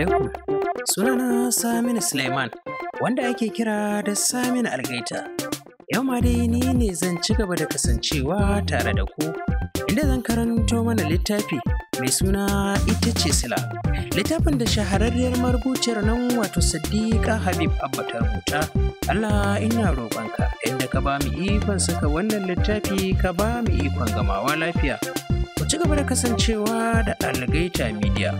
alaikum. Sunana Saminu Suleiman, wanda ake kira da Saminu Algaita. Yau ma dai ni ne zan ci gaba da kasancewa tare da ku, inda zan karanto mana littafi mai suna ita ce sila. Littafin da shahararriyar marubuciyar nan wato Sadiqa Habib Abba ta rubuta, Allah ina roƙonka inda ka ba mu ikon saka wannan littafi ka ba mu ikon gamawa lafiya. Ku ci gaba da kasancewa da Algaita Media.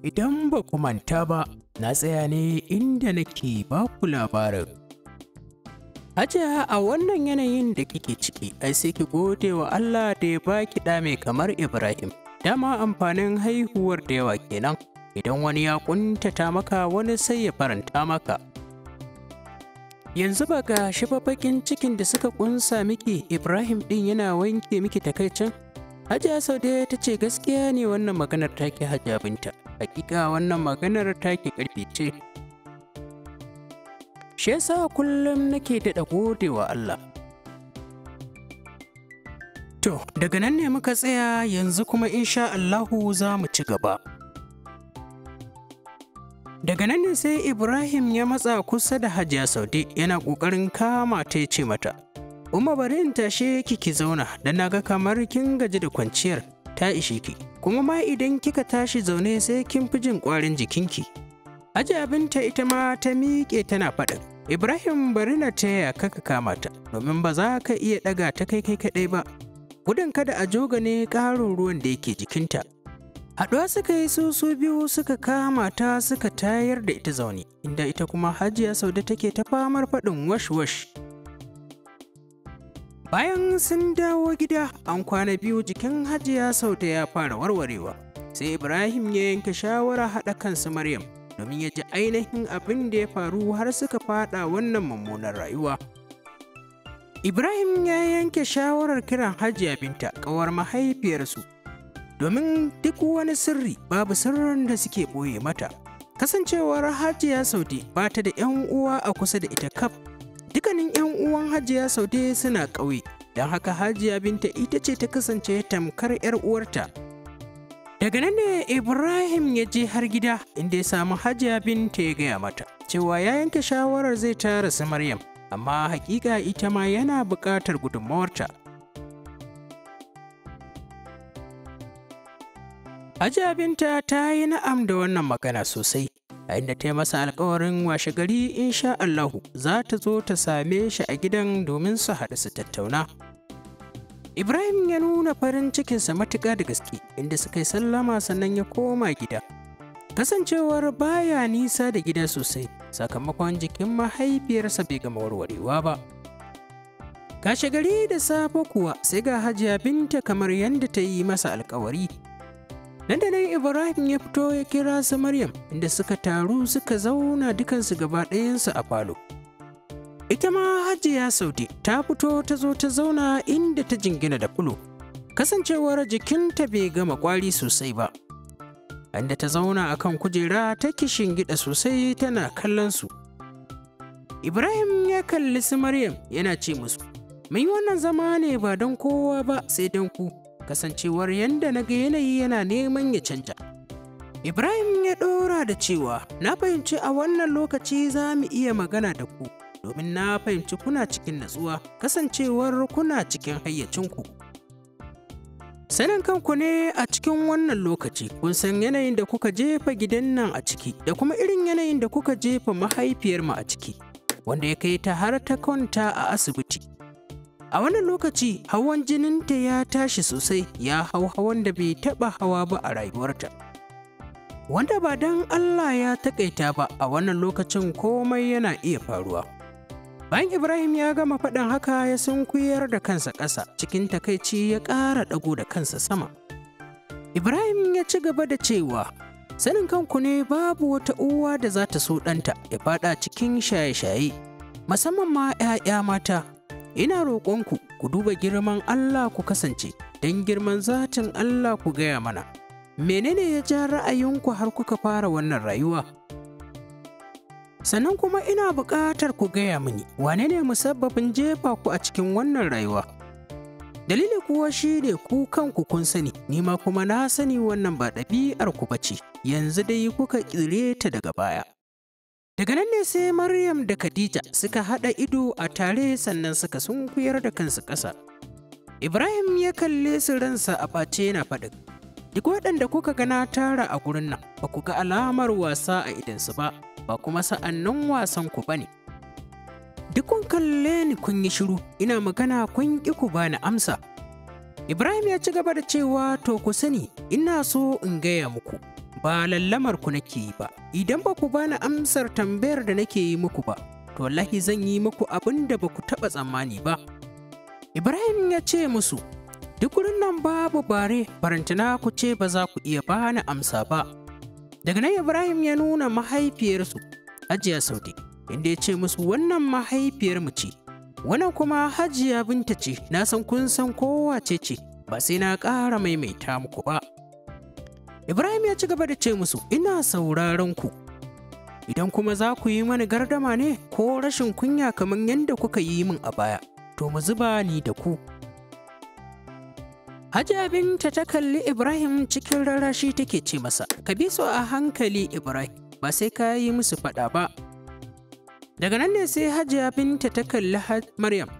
Idan ba ku manta ba, na tsaya ne inda nake ba ku labarin. Hajiya a wannan yanayin da kike ciki, ai sai ki gode wa Allah da ya ba ki ɗa mai kamar Ibrahim. Dama amfanin haihuwar da yawa kenan, idan wani ya ƙuntata maka wani sai ya faranta maka. Yanzu ba ga shafafakin bakin cikin da suka kunsa miki Ibrahim ɗin yana wanke miki takaicin? Hajiya Saude ta ce gaskiya ne wannan maganar take Hajiya Binta. Hakika wannan maganar take ƙarfi ce. Shi yasa kullum nake daɗa gode wa Allah. To, daga nan ne muka tsaya yanzu kuma insha Allahu za mu ci gaba. Daga nan ne sai Ibrahim ya matsa kusa da Hajiya Saude yana ƙoƙarin kama ta ce mata, Umma bari in tashe ki ki zauna da na ga kamar kin gaji da kwanciyar ta ishe ki, kuma ma idan kika tashi zaune sai kin fi jin ƙwarin jikinki. Aji abinta ita ma ta miƙe tana faɗin, Ibrahim bari na taya kaka kama ta, domin ba za ka iya ɗaga ta kai kai kaɗai ba. Gudun kada a joga ne ƙarin ruwan da yake jikinta, Haɗuwa suka yi su su biyu suka kama ta suka tayar da ita zaune, inda ita kuma hajiya sau da take ta famar faɗin wash-wash. Bayan sun dawo gida an kwana biyu jikin hajiya sau da ya fara warwarewa, sai Ibrahim ya yanke shawara haɗa kansu Maryam domin ya ji ainihin abin da ya faru har suka faɗa wannan mummunar rayuwa. Ibrahim ya yanke shawarar kiran hajiya binta ƙawar mahaifiyarsu domin duk wani sirri babu sirrin da suke ɓoye mata. Kasancewar Hajiya Saude ba ta da 'yan uwa a kusa da ita kaf. Dukanin 'yan uwan Hajiya Saude suna ƙauye, don haka Hajiya Binta ita ce ta kasance tamkar 'yar uwarta. Daga nan ne Ibrahim ya je har gida inda ya samu Hajiya Binta ya gaya mata cewa ya yanke shawarar zai tara su Maryam, amma hakika ita ma yana buƙatar gudunmawarta. Ajabinta ta yi na'am da wannan magana sosai, a inda ta yi masa alkawarin washe gari insha Allahu za ta zo ta same shi a gidan domin su haɗu su tattauna. Ibrahim ya nuna farin cikinsa matuƙa da gaske inda suka yi sallama sannan ya koma gida. Kasancewar baya nisa da gida sosai sakamakon jikin mahaifiyarsa bai gama warwarewa ba. Kashe gari da safe kuwa sai ga hajiya binta kamar yadda ta yi masa alkawari Nan da nan Ibrahim ya fito ya kira su Maryam inda suka taru suka zauna dukansu gaba ɗayansu a falo. Ita ma Hajiya Sauti ta fito ta zo ta zauna inda ta jingina da kulu. Kasancewar jikinta bai gama kwari sosai ba. Inda ta zauna a kan kujera ta kishin gida sosai tana kallon su. Ibrahim ya kalli su Maryam yana ce musu, Mai wannan zama ne ba don kowa ba sai don ku, kasancewar yadda na ga yanayi yana neman ya canja. Ibrahim ya ɗora da cewa, na fahimci a wannan lokaci za mu iya magana da ku, domin na fahimci kuna cikin natsuwa, kasancewar kuna cikin hayyacinku. Sanin kanku ne a cikin wannan lokaci, kun san yanayin da kuka jefa gidan nan a ciki, da kuma irin yanayin da kuka jefa mahaifiyarmu a ciki, wanda ya kai ta har ta kwanta a asibiti. A wannan lokaci hawan jininta ya tashi sosai ya hau hawan da bai taɓa hawa ba a rayuwarta. Wanda ba don Allah ya taƙaita ba a wannan lokacin komai yana iya faruwa. Bayan Ibrahim ya gama faɗin haka ya sunkuyar da kansa ƙasa cikin takaici ya ƙara ɗago da kansa sama. Ibrahim ya ci gaba da cewa sanin kanku ne babu wata uwa da za ta so ɗanta ya faɗa cikin shaye-shaye musamman ma 'ya'ya mata ina roƙonku ku duba girman Allah ku kasance don girman zatin Allah ku gaya mana menene ya ja ra'ayinku har kuka fara wannan rayuwa sannan kuma ina buƙatar ku gaya mini wane ne musabbabin jefa ku a cikin wannan rayuwa dalili kuwa shi ne ku kanku kun sani nima kuma na sani wannan ba ɗabi'ar ku bace yanzu dai kuka ƙire ta daga baya daga nan ne sai maryam da khadija suka haɗa ido a tare sannan suka sunkuyar da kansu ƙasa ibrahim ya kalle su ransa a ɓace na faɗin duk waɗanda kuka gana tara a gurin nan ba ku ga alamar wasa a idansu ba ba kuma sa'annan wasan ku ba ne kun kalle ni kun yi shiru ina magana kun ƙi ku bani amsa Ibrahim ya ci gaba da cewa to ku sani ina so in gaya muku ba lallamar ku nake yi ba idan ba ku bani amsar tambayar da nake yi muku ba to wallahi zan yi muku abin da ba ku taɓa tsammani ba ibrahim ya ce musu duk wurin nan babu bare barantana ku ce ba za ku iya bani amsa ba daga nan ibrahim ya nuna mahaifiyarsu hajiya sauti inda ya ce musu wannan mahaifiyar mu ce wannan kuma hajiya binta ce na san kun san kowa ce ce ba sai na ƙara maimaita muku ba Ibrahim ya ci gaba da ce musu, Ina sauraron ku, idan kuma za ku yi mani gardama ne ko rashin kunya kamar yadda kuka yi min a baya, to mu zuba ni da ku. Hajiya binta ta kalli Ibrahim cikin rarashi take ce masa, Ka bi su a hankali Ibrahim, ba sai ka yi musu faɗa ba. Daga nan ne sai Hajiya binta ta kalli Maryam,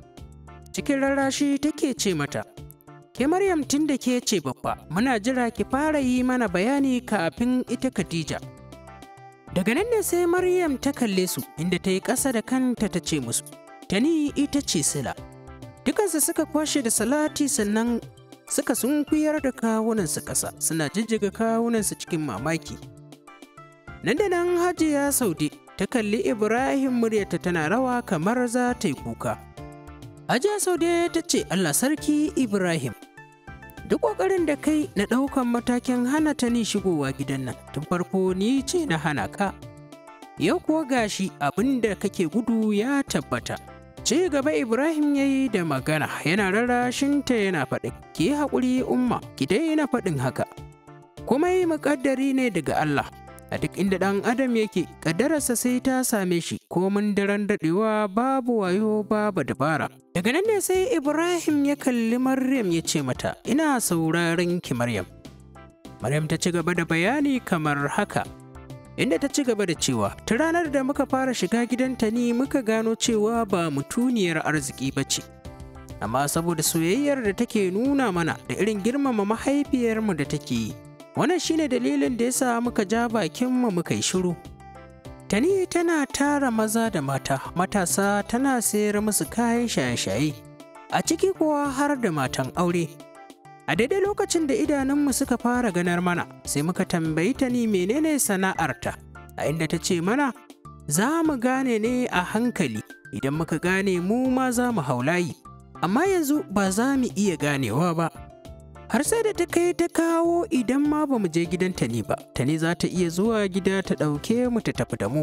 cikin rarashi take ce mata, Ke Maryam tun da ke ce babba, muna jira ki fara yi mana bayani kafin ita Khadija. Daga nan ne sai Maryam ta kalle su inda ta yi ƙasa da kanta ta ce musu, Tani ita ce Sila. Dukansu suka kwashe da salati sannan suka kuyar da kawunansu ƙasa suna jijjiga kawunansu cikin mamaki. Nan da nan Hajiya Saude ta kalli Ibrahim muryarta tana rawa kamar za ta yi kuka. Hajiya Saude ta ce Allah sarki Ibrahim duk ƙoƙarin da kai na ɗaukan matakin hana ta ni shigowa gidan nan tun farko ni ce na hana ka yau kuwa gashi abin da kake gudu ya tabbata Ci gaba ibrahim ya yi da magana yana rarrashinta yana faɗin ki haƙuri umma ki daina faɗin haka kuma yi muƙaddari ne daga allah a duk inda ɗan adam yake ƙadararsa sai ta same shi ko mun daren daɗewa babu wayo babu dabara daga nan ne sai ibrahim ya kalli maryam ya ce mata ina sauraron ki maryam maryam ta ci gaba da bayani kamar haka inda ta ci gaba da cewa ta ranar da muka fara shiga gidanta ni muka gano cewa ba mutuniyar arziki ba ce amma saboda soyayyar da take nuna mana da irin girmama mahaifiyarmu da take yi Wannan shine dalilin da ya sa muka ja bakinmu muka yi shiru. Tani tana tara maza da mata, matasa tana sayar musu kayan shaye-shaye, a ciki kuwa har da matan aure. A daidai lokacin da idanunmu suka fara ganar mana, sai muka tambayi tani ni menene sana'arta, a inda ta ce mana, za mu gane ne a hankali, idan muka gane mu ma za mu haulayi, amma yanzu ba za mu iya ganewa ba. har sai da ta kai ta kawo idan ma ba mu je ta ne ba tani za ta iya zuwa gida ta ɗauke mu ta tafi da mu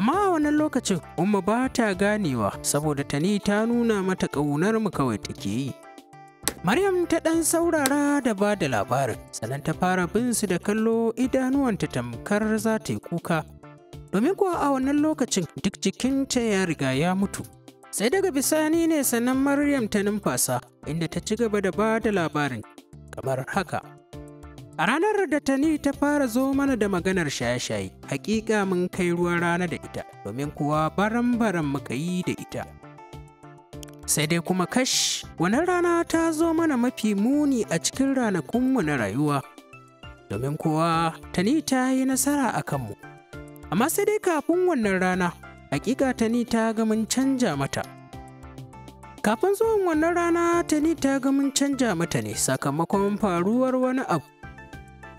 amma a wannan lokacin umma ba ta ganewa saboda tani ta nuna mata ƙaunar mu kawai take yi maryam ta ɗan saurara da ba da labarin sannan ta fara bin su da kallo idanuwanta tamkar za ta yi kuka domin kuwa a wannan lokacin duk jikinta ya riga ya mutu Sai daga bisani ne sannan Maryam ta numfasa inda ta ci gaba da ba da labarin kamar haka. A ranar da Tani ta fara zo mana da maganar shaye-shaye, hakika mun kai ruwan rana da ita, domin kuwa baran-baran muka yi da ita. sai dai kuma kash Wani rana ta zo mana mafi muni a cikin ranakunmu na rayuwa domin kowa tani ta yi nasara a kanmu amma sai dai kafin wannan rana Hakika Tani ta ga mun canja mata. Kafin zuwan wannan rana Tani ta ga mun canja mata ne sakamakon faruwar wani abu.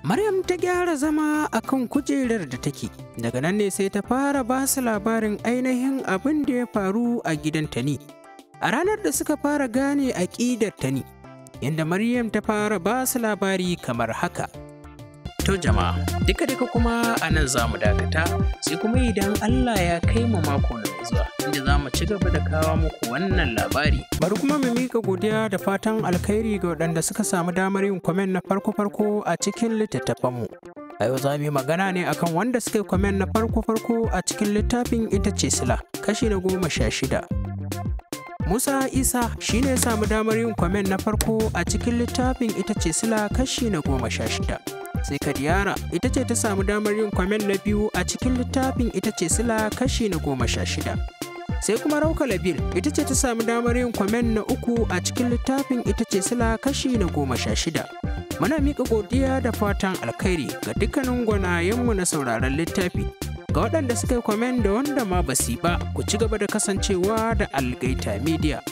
Maryam ta gyara zama a kan kujerar da take, daga nan ne sai ta fara ba su labarin ainihin abin da ya faru a gidan Tani. A ranar da suka fara gane aƙidar Tani, yadda Maryam ta fara ba su labari kamar haka. To jama'a, duka duka kuma a nan za mu dakata sai kuma idan Allah ya kai mu mako na zuwa inda za mu ci gaba da kawo muku wannan labari. Bari kuma mu mika godiya da fatan alkhairi ga waɗanda suka samu damar yin kwamen na farko-farko a cikin littattafanmu. A yau za mu yi magana ne akan wanda suka yi kwamen na farko-farko a cikin littafin ita ce sila kashi na goma sha shida. Musa Isa shi ne samu damar yin kwamen na farko a cikin littafin ita ce sila kashi na goma sha shida. sai kadiyara ita ce ta samu damar yin kwamen na biyu a cikin littafin ita ce sila kashi na goma sha shida sai kuma rauka labil ita ce ta samu damar yin kwamen na uku a cikin littafin ita ce sila kashi na goma sha shida muna mika godiya da fatan alkhairi ga dukkanin gwanayenmu na sauraron littafi ga waɗanda suka yi kwamen da wanda ma basi ba ku ci gaba da kasancewa da algaita media